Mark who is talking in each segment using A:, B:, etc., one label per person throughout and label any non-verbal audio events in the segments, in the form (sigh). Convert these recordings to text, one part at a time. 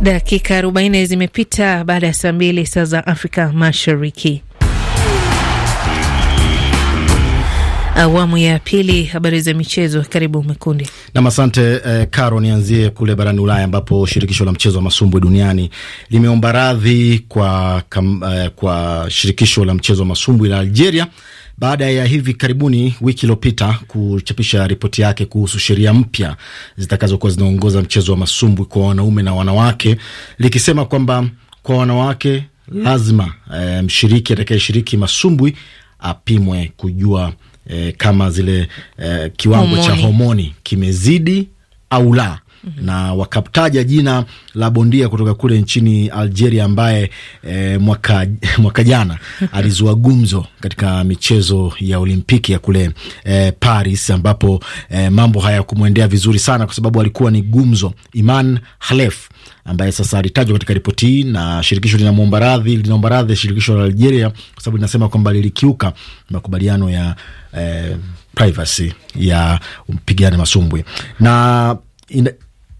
A: Dakika 40 zimepita baada ya saa mbili saa za Afrika Mashariki. Awamu ya pili, habari za michezo. Karibu Mekundi
B: nam. Asante eh, Karo. Nianzie kule barani Ulaya ambapo shirikisho la mchezo wa masumbwi duniani limeomba radhi kwa, eh, kwa shirikisho la mchezo wa masumbwi la Algeria baada ya hivi karibuni wiki iliyopita kuchapisha ripoti yake kuhusu sheria mpya zitakazokuwa zinaongoza mchezo wa masumbwi kwa wanaume na wanawake, likisema kwamba kwa wanawake lazima eh, mshiriki atakayeshiriki masumbwi apimwe kujua eh, kama zile eh, kiwango homoni cha homoni kimezidi au la na wakataja jina la bondia kutoka kule nchini Algeria ambaye e, mwaka, (laughs) mwaka jana (laughs) alizua gumzo katika michezo ya Olimpiki ya kule e, Paris ambapo e, mambo hayakumwendea vizuri sana, kwa sababu alikuwa ni gumzo. Iman Halef ambaye sasa alitajwa katika ripoti hii na shirikisho linamwomba radhi, linaomba radhi shirikisho la Algeria kwa sababu linasema kwamba lilikiuka makubaliano ya eh, privacy ya mpigane masumbwi na ina,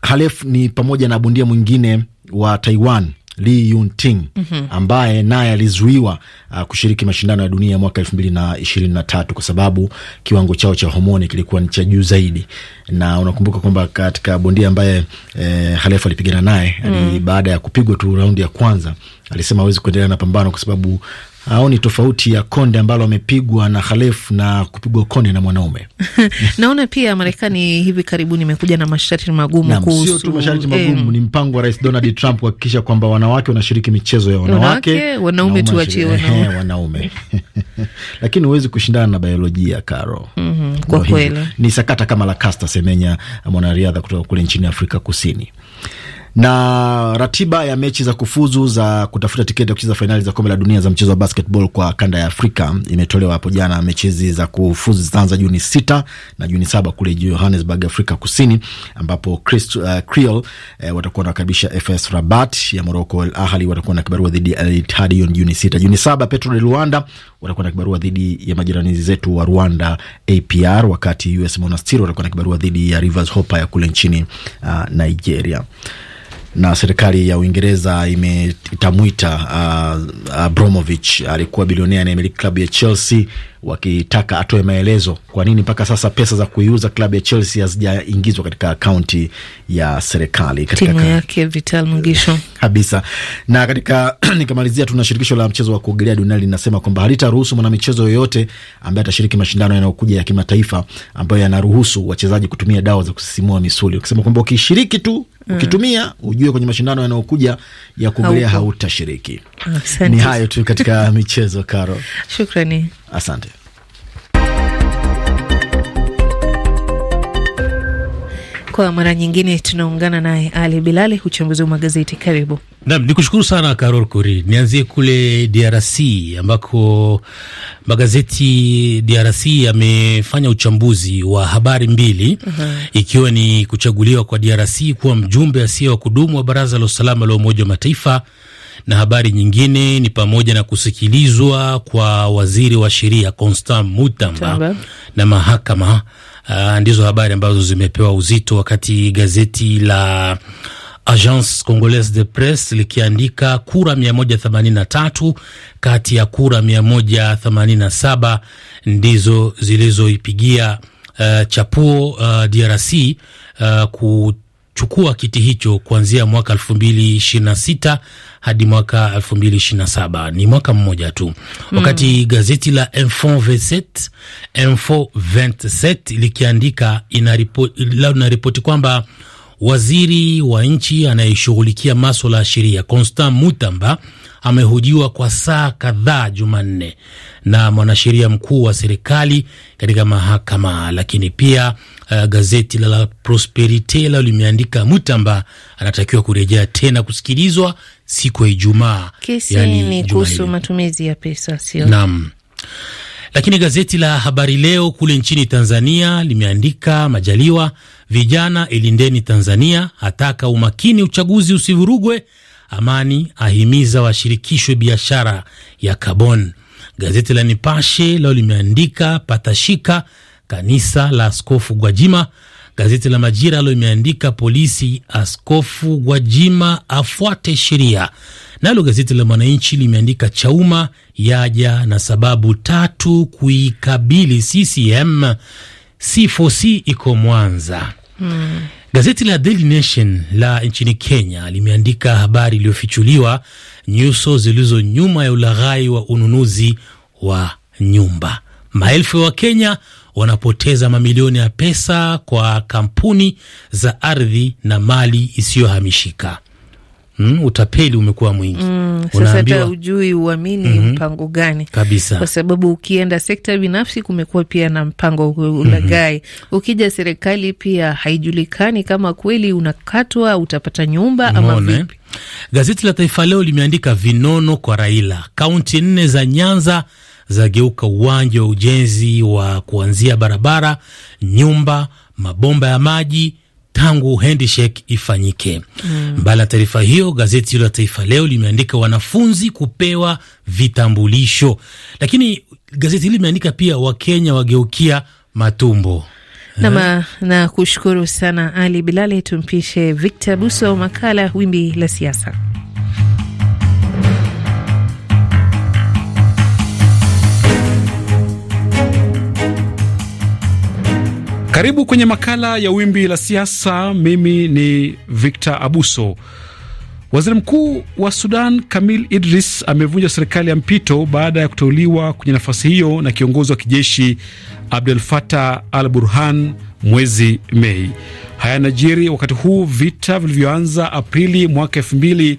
B: Halef ni pamoja na bondia mwingine wa Taiwan Li Yunting mm -hmm. ambaye naye alizuiwa uh, kushiriki mashindano ya dunia ya mwaka elfu mbili na ishirini na tatu kwa sababu kiwango chao cha homoni kilikuwa ni cha juu zaidi, na unakumbuka kwamba katika bondia ambaye eh, Halef alipigana naye mm. baada ya kupigwa tu raundi ya kwanza alisema hawezi kuendelea na pambano kwa sababu au ni tofauti ya konde ambalo amepigwa na Khalef na kupigwa konde na mwanaume.
A: (laughs) Naona pia Marekani hivi karibuni imekuja na masharti magumu kuhusu, sio tu masharti magumu, eh.
B: ni mpango wa Rais Donald Trump kuhakikisha kwamba wanawake wanashiriki michezo ya wanawake, wanaume tuachie wanaume, (laughs) (laughs) lakini huwezi kushindana na biolojia Karo. Mm -hmm, kwa kweli ni sakata kama la Caster Semenya, mwanariadha kutoka kule nchini Afrika Kusini na ratiba ya mechi za kufuzu za kutafuta tiketi ya kucheza fainali za kombe la dunia za mchezo wa basketball kwa kanda ya Afrika imetolewa hapo jana. Mechi hizi za kufuzu zitaanza Juni sita na Juni saba kule Johannesburg, Afrika Kusini, ambapo Christ, uh, Creole eh, watakuwa wanakaribisha FS Rabat ya Morocco. Al Ahli watakuwa na kibarua dhidi ya Al Ittihad hiyo Juni sita. Juni saba Petro de Luanda watakuwa na kibarua dhidi ya majirani zetu wa Rwanda APR, wakati US Monastir watakuwa na kibarua dhidi ya Rivers Hope ya kule nchini uh, Nigeria na serikali ya Uingereza imetamwita uh, uh, Abramovich alikuwa bilionea anayemiliki klabu ya Chelsea, wakitaka atoe maelezo kwa nini mpaka sasa pesa za kuiuza klabu ya Chelsea hazijaingizwa katika akaunti ya serikali timu
A: yake Vital Mugisho
B: (laughs) kabisa. Na katika (clears throat) nikamalizia, tuna shirikisho la mchezo wa kuogelea duniani linasema kwamba halitaruhusu mwanamichezo yoyote ambaye atashiriki mashindano yanayokuja ya kimataifa ambayo yanaruhusu wachezaji kutumia dawa za kusisimua misuli, wakisema kwamba ukishiriki tu Eh. Ukitumia ujue kwenye mashindano yanayokuja ya kuogelea hautashiriki. Ni hayo tu katika michezo, Karo. Shukrani, asante.
A: Kwa mara nyingine tunaungana naye Ali Bilali, uchambuzi wa magazeti. Karibu
C: nam, ni kushukuru sana Karol Kori. Nianzie kule DRC ambako magazeti DRC yamefanya uchambuzi wa habari mbili uh mhm. -huh. ikiwa ni kuchaguliwa kwa DRC kuwa mjumbe asiye wa kudumu wa Baraza la Usalama la Umoja wa Mataifa na habari nyingine ni pamoja na kusikilizwa kwa waziri wa sheria Constant Mutamba Tamba. na mahakama Uh, ndizo habari ambazo zimepewa uzito wakati gazeti la Agence Congolaise de Presse likiandika kura 183 kati ya kura 187 ndizo zilizoipigia uh, chapuo uh, eh, DRC uh, eh, kuchukua kiti hicho kuanzia mwaka 2026 hadi mwaka 2027 ni mwaka mmoja tu mm. Wakati gazeti la Info 27 Info 27 likiandika inaripoti kwamba waziri wa nchi anayeshughulikia maswala ya sheria Constant Mutamba amehojiwa kwa saa kadhaa Jumanne na mwanasheria mkuu wa serikali katika mahakama. Lakini pia uh, gazeti la la Prosperite lao limeandika Mutamba anatakiwa kurejea tena kusikilizwa siku ya Ijumaa. Kesi yani ni kuhusu
A: matumizi ya pesa, sio? Naam.
C: Lakini gazeti la Habari Leo kule nchini Tanzania limeandika Majaliwa, vijana ilindeni Tanzania, hataka umakini uchaguzi usivurugwe, Amani ahimiza washirikishwe biashara ya kabon. Gazeti la Nipashe leo limeandika patashika kanisa la Askofu Gwajima Gazeti la Majira lo imeandika polisi, askofu Gwajima afuate sheria. Nalo gazeti la Mwananchi limeandika Chauma yaja na sababu tatu kuikabili CCM, C4C iko Mwanza. Hmm. Gazeti la Daily Nation la nchini Kenya limeandika habari iliyofichuliwa, nyuso zilizo nyuma ya ulaghai wa ununuzi wa nyumba. Maelfu ya Wakenya wanapoteza mamilioni ya pesa kwa kampuni za ardhi na mali isiyohamishika. Mm, utapeli umekuwa mwingi
A: mm, sasa hata ujui uamini mm -hmm. mpango gani kabisa, kwa sababu ukienda sekta binafsi kumekuwa pia na mpango ulagai mhm. mm -hmm. ukija serikali pia haijulikani kama kweli unakatwa utapata nyumba ama eh? vipi.
C: Gazeti la Taifa Leo limeandika vinono kwa Raila, kaunti nne za Nyanza zageuka uwanja wa ujenzi wa kuanzia barabara, nyumba, mabomba ya maji tangu handshake ifanyike. Mm. Mbali na taarifa hiyo, gazeti hilo la Taifa Leo limeandika wanafunzi kupewa vitambulisho, lakini gazeti hili limeandika pia Wakenya wageukia matumbo.
A: Nama, eh? na kushukuru sana Ali Bilali. Tumpishe Victor Buso, makala wimbi la siasa.
D: Karibu kwenye makala ya wimbi la siasa. Mimi ni Victor Abuso. Waziri Mkuu wa Sudan Kamil Idris amevunja serikali ya mpito baada ya kuteuliwa kwenye nafasi hiyo na kiongozi wa kijeshi Abdel Fattah Al Burhan mwezi Mei. Haya najiri wakati huu vita vilivyoanza Aprili mwaka elfu mbili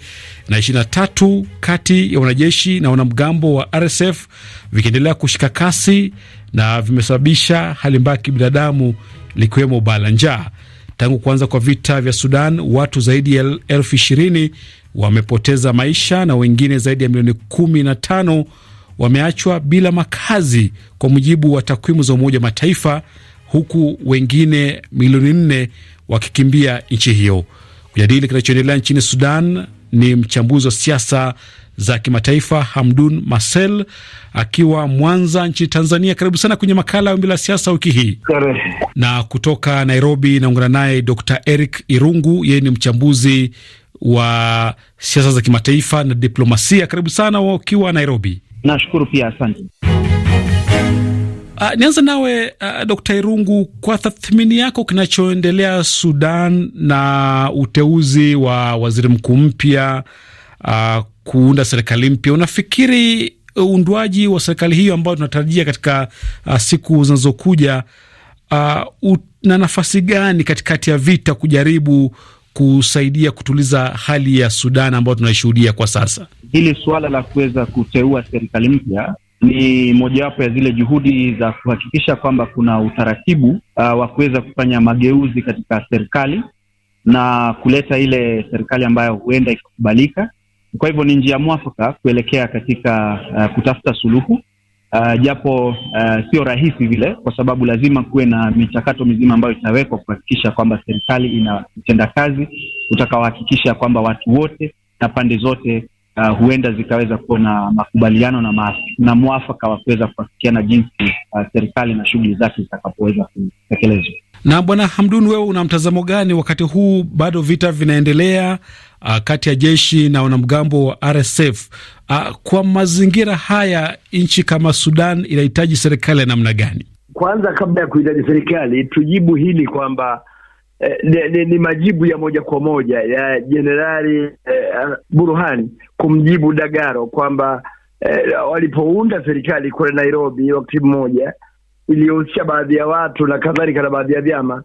D: na ishirini na tatu kati ya wanajeshi na wanamgambo wa RSF vikiendelea kushika kasi na vimesababisha hali mbaya kibinadamu, likiwemo balaa njaa. Tangu kuanza kwa vita vya Sudan, watu zaidi ya elfu ishirini wamepoteza maisha na wengine zaidi ya milioni kumi na tano wameachwa bila makazi kwa mujibu wa takwimu za Umoja wa Mataifa, huku wengine milioni nne wakikimbia nchi hiyo. Kujadili kinachoendelea nchini Sudan ni mchambuzi wa siasa za kimataifa Hamdun Masel akiwa Mwanza nchini Tanzania. Karibu sana kwenye makala ya Wimbi la Siasa wiki hii. Na kutoka Nairobi naungana naye Dr Eric Irungu, yeye ni mchambuzi wa siasa za kimataifa na diplomasia. Karibu sana wakiwa Nairobi. Nashukuru pia, asante. Uh, ah, nianza nawe uh, ah, Dkt. Irungu, kwa tathmini yako kinachoendelea Sudan na uteuzi wa waziri mkuu mpya uh, kuunda serikali mpya. Unafikiri uundwaji uh, wa serikali hiyo ambayo tunatarajia katika uh, siku zinazokuja uh, na nafasi gani katikati ya vita kujaribu kusaidia kutuliza hali ya Sudan ambayo tunaishuhudia kwa sasa?
E: Hili suala la kuweza kuteua serikali mpya ni mojawapo ya zile juhudi za kuhakikisha kwamba kuna utaratibu uh, wa kuweza kufanya mageuzi katika serikali na kuleta ile serikali ambayo huenda ikakubalika kwa hivyo ni njia mwafaka kuelekea katika uh, kutafuta suluhu uh, japo uh, sio rahisi vile, kwa sababu lazima kuwe na michakato mizima ambayo itawekwa kuhakikisha kwamba serikali inatenda kazi utakaohakikisha kwamba watu wote na pande zote uh, huenda zikaweza kuwa na makubaliano na, na mwafaka wa kuweza kuafikiana jinsi uh, serikali na shughuli zake zitakapoweza kutekelezwa.
D: Na Bwana Hamdun, wewe una mtazamo gani wakati huu bado vita vinaendelea uh, kati ya jeshi na wanamgambo wa RSF? Uh, ah, kwa mazingira haya nchi kama Sudan inahitaji serikali ya namna gani?
F: Kwanza kabla ya kuhitaji serikali tujibu hili kwamba eh, ni, ni, majibu ya moja kwa moja ya Jenerali eh, Burhani kumjibu Dagaro kwamba eh, walipounda serikali kule Nairobi wakati mmoja iliyohusisha baadhi ya watu na kadhalika na baadhi ya vyama,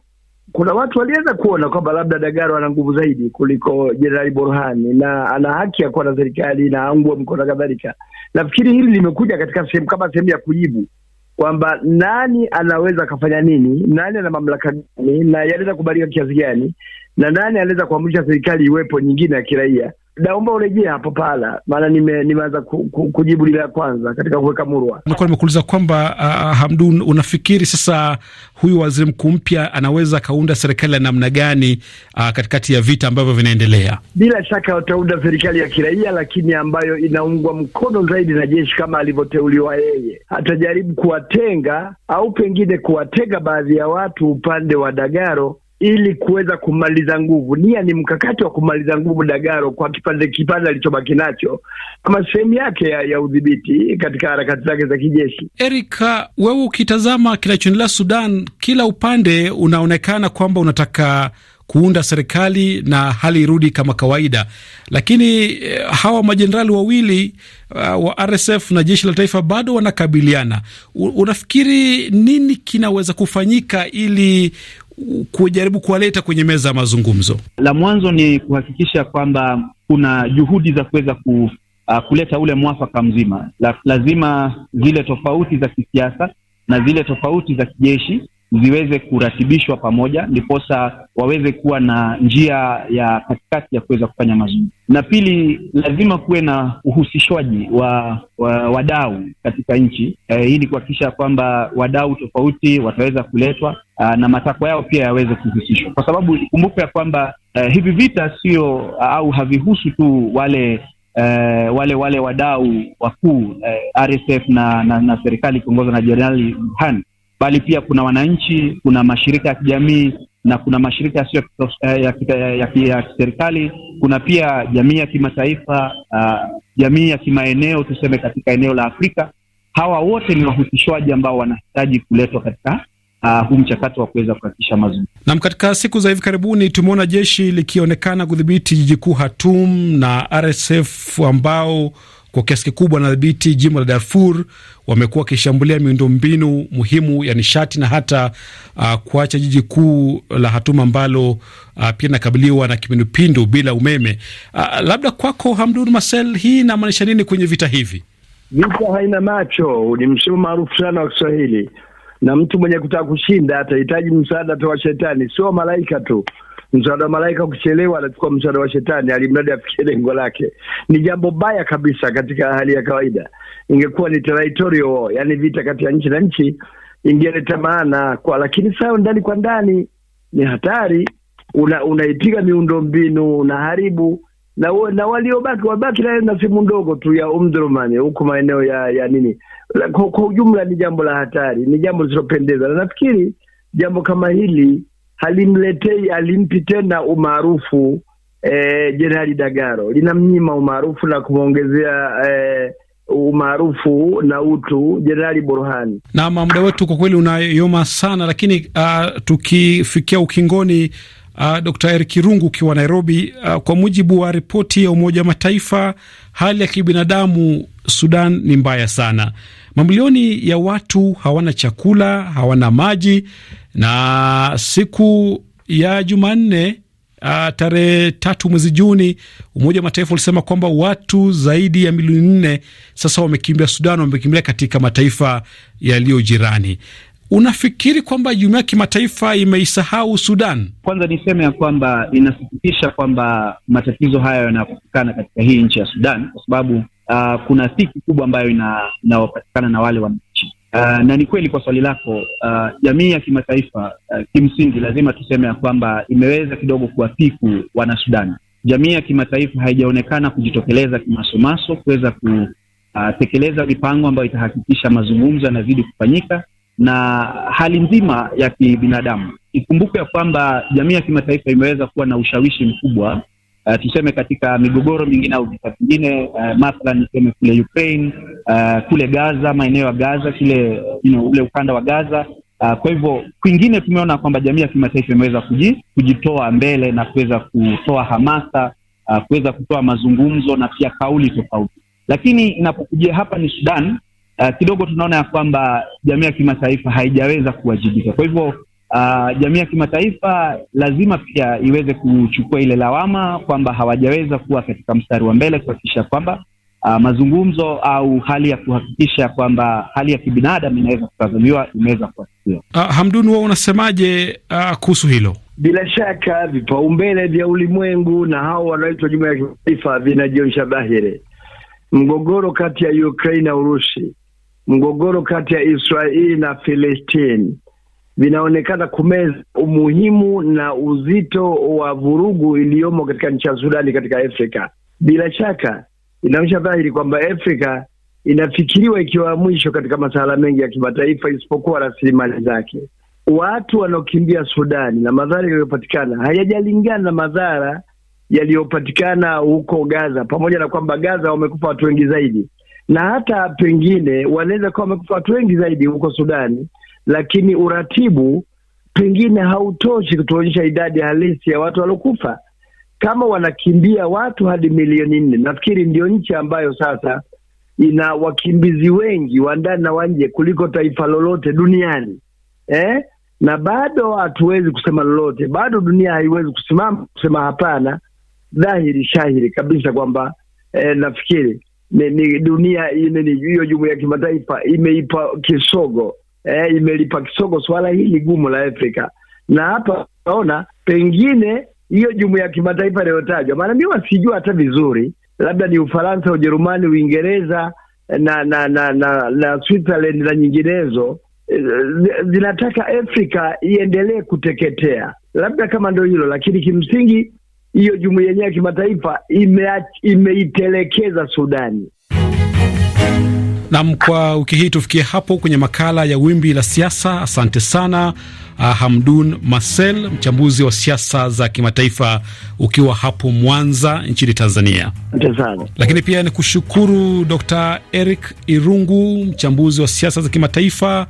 F: kuna watu waliweza kuona kwamba labda Dagaro ana nguvu zaidi kuliko Jenerali Borhani na ana haki ya kuwa na serikali na angwe mkono na kadhalika. Nafikiri hili limekuja katika sehemu kama sehemu ya kujibu kwamba nani anaweza akafanya nini, nani ana mamlaka gani, na yanaweza kubalika kiasi gani, na nani anaweza kuamrisha serikali iwepo nyingine ya kiraia. Naomba urejee hapo pala, maana nimeanza ku, ku, kujibu lile la kwanza katika kuweka murwa.
D: Nilikuwa nimekuuliza kwamba uh, Hamdun, unafikiri sasa huyu waziri mkuu mpya anaweza akaunda serikali ya namna gani uh, katikati ya vita ambavyo vinaendelea?
F: Bila shaka wataunda serikali ya kiraia, lakini ambayo inaungwa mkono zaidi na jeshi kama alivyoteuliwa yeye. Atajaribu kuwatenga au pengine kuwatenga baadhi ya watu upande wa Dagaro ili kuweza kumaliza nguvu. Nia ni mkakati wa kumaliza nguvu dagaro kwa kipande kipande alichobaki nacho kama sehemu yake ya, ya udhibiti katika harakati zake za kijeshi.
D: Erika, wewe ukitazama kinachoendelea Sudan, kila upande unaonekana kwamba unataka kuunda serikali na hali irudi kama kawaida, lakini eh, hawa majenerali wawili uh, wa RSF na jeshi la taifa bado wanakabiliana. unafikiri nini kinaweza kufanyika ili kujaribu kuwaleta kwenye meza ya mazungumzo? La mwanzo ni kuhakikisha kwamba
E: kuna juhudi za kuweza ku, uh, kuleta ule mwafaka mzima. La, lazima zile tofauti za kisiasa na zile tofauti za kijeshi ziweze kuratibishwa pamoja, ndiposa waweze kuwa na njia ya katikati ya kuweza kufanya mazungumzo. Na pili, lazima kuwe na uhusishwaji wa, wa wadau katika nchi e, eh, ili kuhakikisha kwamba wadau tofauti wataweza kuletwa a, ah, na matakwa yao pia yaweze kuhusishwa, kwa sababu ikumbuka ya kwamba e, hivi vita sio ah, au havihusu tu wale Uh, wale wale wadau wakuu uh, RSF na na, na serikali ikiongozwa na Jenerali Burhan, bali pia kuna wananchi, kuna mashirika ya kijamii na kuna mashirika yasiyo ya eh, kiserikali, kuna pia jamii ya kimataifa, uh, jamii ya kimaeneo tuseme, katika eneo la Afrika. Hawa wote ni wahusishwaji ambao wanahitaji kuletwa katika Uh, huu mchakato wa kuweza kuhakikisha mazungumzo.
D: Naam, katika siku za hivi karibuni tumeona jeshi likionekana kudhibiti jiji kuu Khartoum na RSF ambao kwa kiasi kikubwa wanadhibiti jimbo la Darfur. Wamekuwa wakishambulia miundombinu muhimu ya nishati na hata uh, kuacha jiji kuu la Hatuma ambalo uh, pia inakabiliwa na kipindupindu bila umeme. Uh, labda kwako Hamdun Masel, hii inamaanisha nini kwenye vita hivi?
F: Vita haina macho, ni msemo maarufu sana wa Kiswahili na mtu mwenye kutaka kushinda atahitaji msaada tu wa shetani, sio malaika tu. Msaada wa malaika ukichelewa, anachukua msaada wa shetani, alimradi afikie lengo lake. Ni jambo baya kabisa katika hali ya kawaida. Ingekuwa ni territorial war, yani vita kati ya nchi na nchi, ingeleta maana kwa, lakini sayo ndani kwa ndani ni hatari. Unaipiga una miundo mbinu, unaharibu na, na waliobaki wabaki naye na simu ndogo tu ya Umdurumani huko maeneo ya ya nini. Kwa ujumla ni jambo la hatari, ni jambo lisilopendeza, na nafikiri jambo kama hili halimletei halimpi tena umaarufu eh, Jenerali Dagaro, linamnyima umaarufu na kumwongezea eh, umaarufu na utu Jenerali Burhani.
D: Naam, muda wetu kwa kweli unayoma sana, lakini uh, tukifikia ukingoni Uh, Dkt. Eric Kirungu ukiwa Nairobi. Uh, kwa mujibu wa ripoti ya Umoja wa Mataifa, hali ya kibinadamu Sudan ni mbaya sana. Mamilioni ya watu hawana chakula, hawana maji, na siku ya Jumanne Uh, tarehe tatu mwezi Juni, Umoja wa Mataifa ulisema kwamba watu zaidi ya milioni nne sasa wamekimbia Sudan, wamekimbia katika mataifa yaliyo jirani. Unafikiri kwamba jumuia ya kimataifa imeisahau Sudan? Kwanza niseme ya kwamba
E: inasikitisha kwamba matatizo hayo yanayopatikana katika hii nchi ya Sudan, kwa sababu uh, kuna dhiki kubwa ambayo inayopatikana na wale wananchi uh, na ni kweli kwa swali lako, ah, jamii ya kimataifa uh, kimsingi lazima tuseme ya kwamba imeweza kidogo wana Sudan. Jamii ya kimataifa haijaonekana kujitokeleza kimasomaso kuweza kutekeleza mipango ambayo itahakikisha mazungumzo yanazidi kufanyika na hali nzima ya kibinadamu. Ikumbuke ya kwamba jamii ya kimataifa imeweza kuwa na ushawishi mkubwa Uh, tuseme katika migogoro mingine au vita vingine uh, mathalan niseme kule Ukraine uh, kule Gaza, maeneo ya Gaza kule, you know, ule ukanda wa Gaza uh, kwa hivyo kwingine tumeona kwamba jamii ya kimataifa imeweza kujitoa mbele na kuweza kutoa hamasa uh, kuweza kutoa mazungumzo na pia kauli tofauti, lakini inapokujia hapa ni Sudan uh, kidogo tunaona ya kwamba jamii ya kimataifa haijaweza kuwajibika. Kwa hivyo uh, jamii ya kimataifa lazima pia iweze kuchukua ile lawama kwamba hawajaweza kuwa katika mstari wa mbele kuhakikisha kwamba uh, mazungumzo au hali ya kuhakikisha kwamba hali ya kibinadamu inaweza kutazamiwa imeweza kuhakikiwa.
F: Uh, ah, Hamdun, wewe unasemaje uh, kuhusu hilo? Bila shaka vipaumbele vya ulimwengu na hao wanaoitwa jumuiya ya kimataifa vinajionyesha dhahiri. Mgogoro kati ya Ukraine na Urusi mgogoro kati ya Israeli na Filistini vinaonekana kumeza umuhimu na uzito wa vurugu iliyomo katika nchi ya Sudani katika Afrika. Bila shaka inaonyesha dhahiri kwamba Afrika inafikiriwa ikiwa mwisho katika masuala mengi ya kimataifa isipokuwa rasilimali zake. Watu wanaokimbia Sudani na madhara yaliyopatikana hayajalingana na madhara yaliyopatikana huko Gaza, pamoja na kwamba Gaza wamekufa watu wengi zaidi na hata pengine wanaweza kuwa wamekufa watu wengi zaidi huko Sudani, lakini uratibu pengine hautoshi kutuonyesha idadi halisi ya watu waliokufa. Kama wanakimbia watu hadi milioni nne, nafikiri ndio nchi ambayo sasa ina wakimbizi wengi wa ndani na wa nje kuliko taifa lolote duniani eh? na bado hatuwezi kusema lolote, bado dunia haiwezi kusimama kusema hapana, dhahiri shahiri kabisa kwamba eh, nafikiri ni, ni dunia hiyo jumuiya ya kimataifa imeipa kisogo eh, imelipa kisogo swala hili gumu la Afrika, na hapa naona pengine hiyo jumuiya ya kimataifa inayotajwa, maana mimi wasijua hata vizuri, labda ni Ufaransa, Ujerumani, Uingereza na na na na, na Switzerland na nyinginezo eh, zinataka Afrika iendelee kuteketea, labda kama ndio hilo, lakini kimsingi hiyo jumuiya yenyewe ya kimataifa imeitelekeza ime Sudani.
D: Nam, kwa wiki hii tufikie hapo kwenye makala ya wimbi la siasa. Asante sana ah, Hamdun Marcel, mchambuzi wa siasa za kimataifa, ukiwa hapo Mwanza nchini Tanzania. Lakini pia ni kushukuru Dr Eric Irungu, mchambuzi wa siasa za kimataifa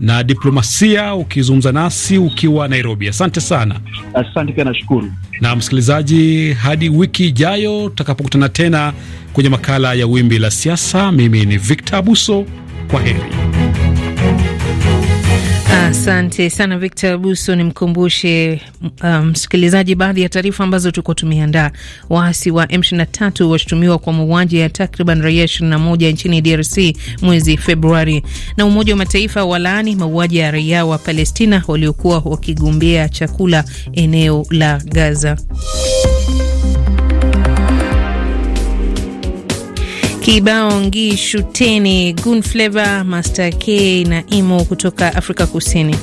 D: na diplomasia, ukizungumza nasi ukiwa Nairobi. Asante sana. Asante pia, nashukuru. Na msikilizaji, hadi wiki ijayo tutakapokutana tena kwenye makala ya Wimbi la Siasa, mimi ni Victor Abuso. Kwa heri.
A: Asante ah, sana Victor Buso. Nimkumbushe um, msikilizaji um, baadhi ya taarifa ambazo tulikuwa tumeandaa. Waasi wa M23 washutumiwa kwa mauaji ya takriban raia 21 nchini DRC mwezi Februari, na Umoja wa Mataifa walaani mauaji ya raia wa Palestina waliokuwa wakigombea chakula eneo la Gaza. Kibao ngi shuteni Gun Master K na Imo kutoka Afrika Kusini.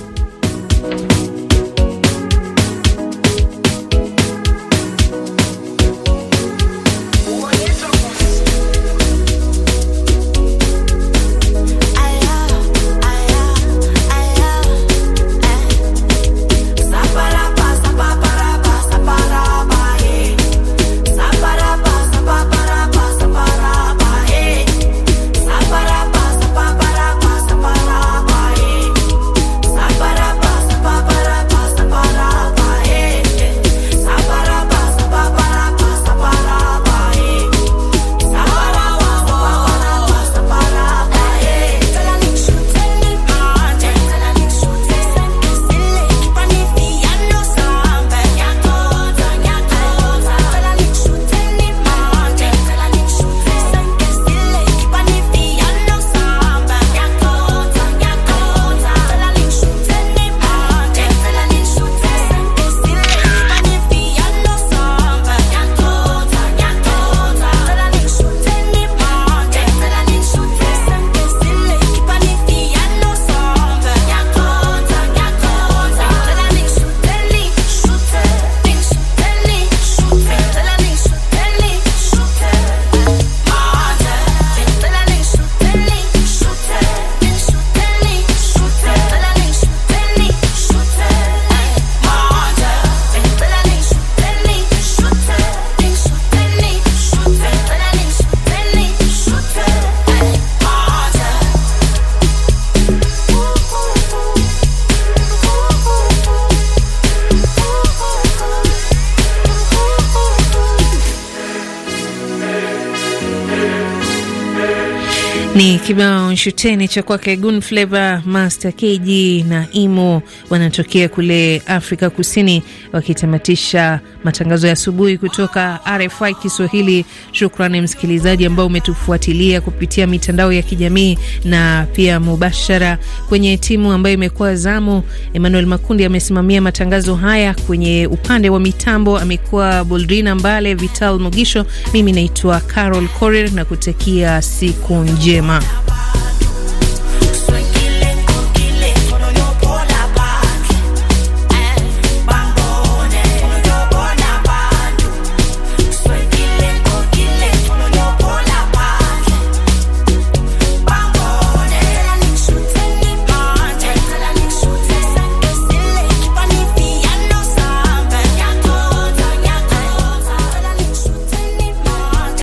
A: Ni kibao shuteni cha kwake Gun Fleva, Master KG na Imo wanatokea kule Afrika Kusini, wakitamatisha matangazo ya asubuhi kutoka RFI Kiswahili. Shukrani msikilizaji ambao umetufuatilia kupitia mitandao ya kijamii na pia mubashara kwenye timu ambayo imekuwa zamu. Emmanuel Makundi amesimamia matangazo haya, kwenye upande wa mitambo amekuwa Boldrina Mbale, Vital Mugisho. Mimi naitwa Carol Korir na kutakia siku njema. มาก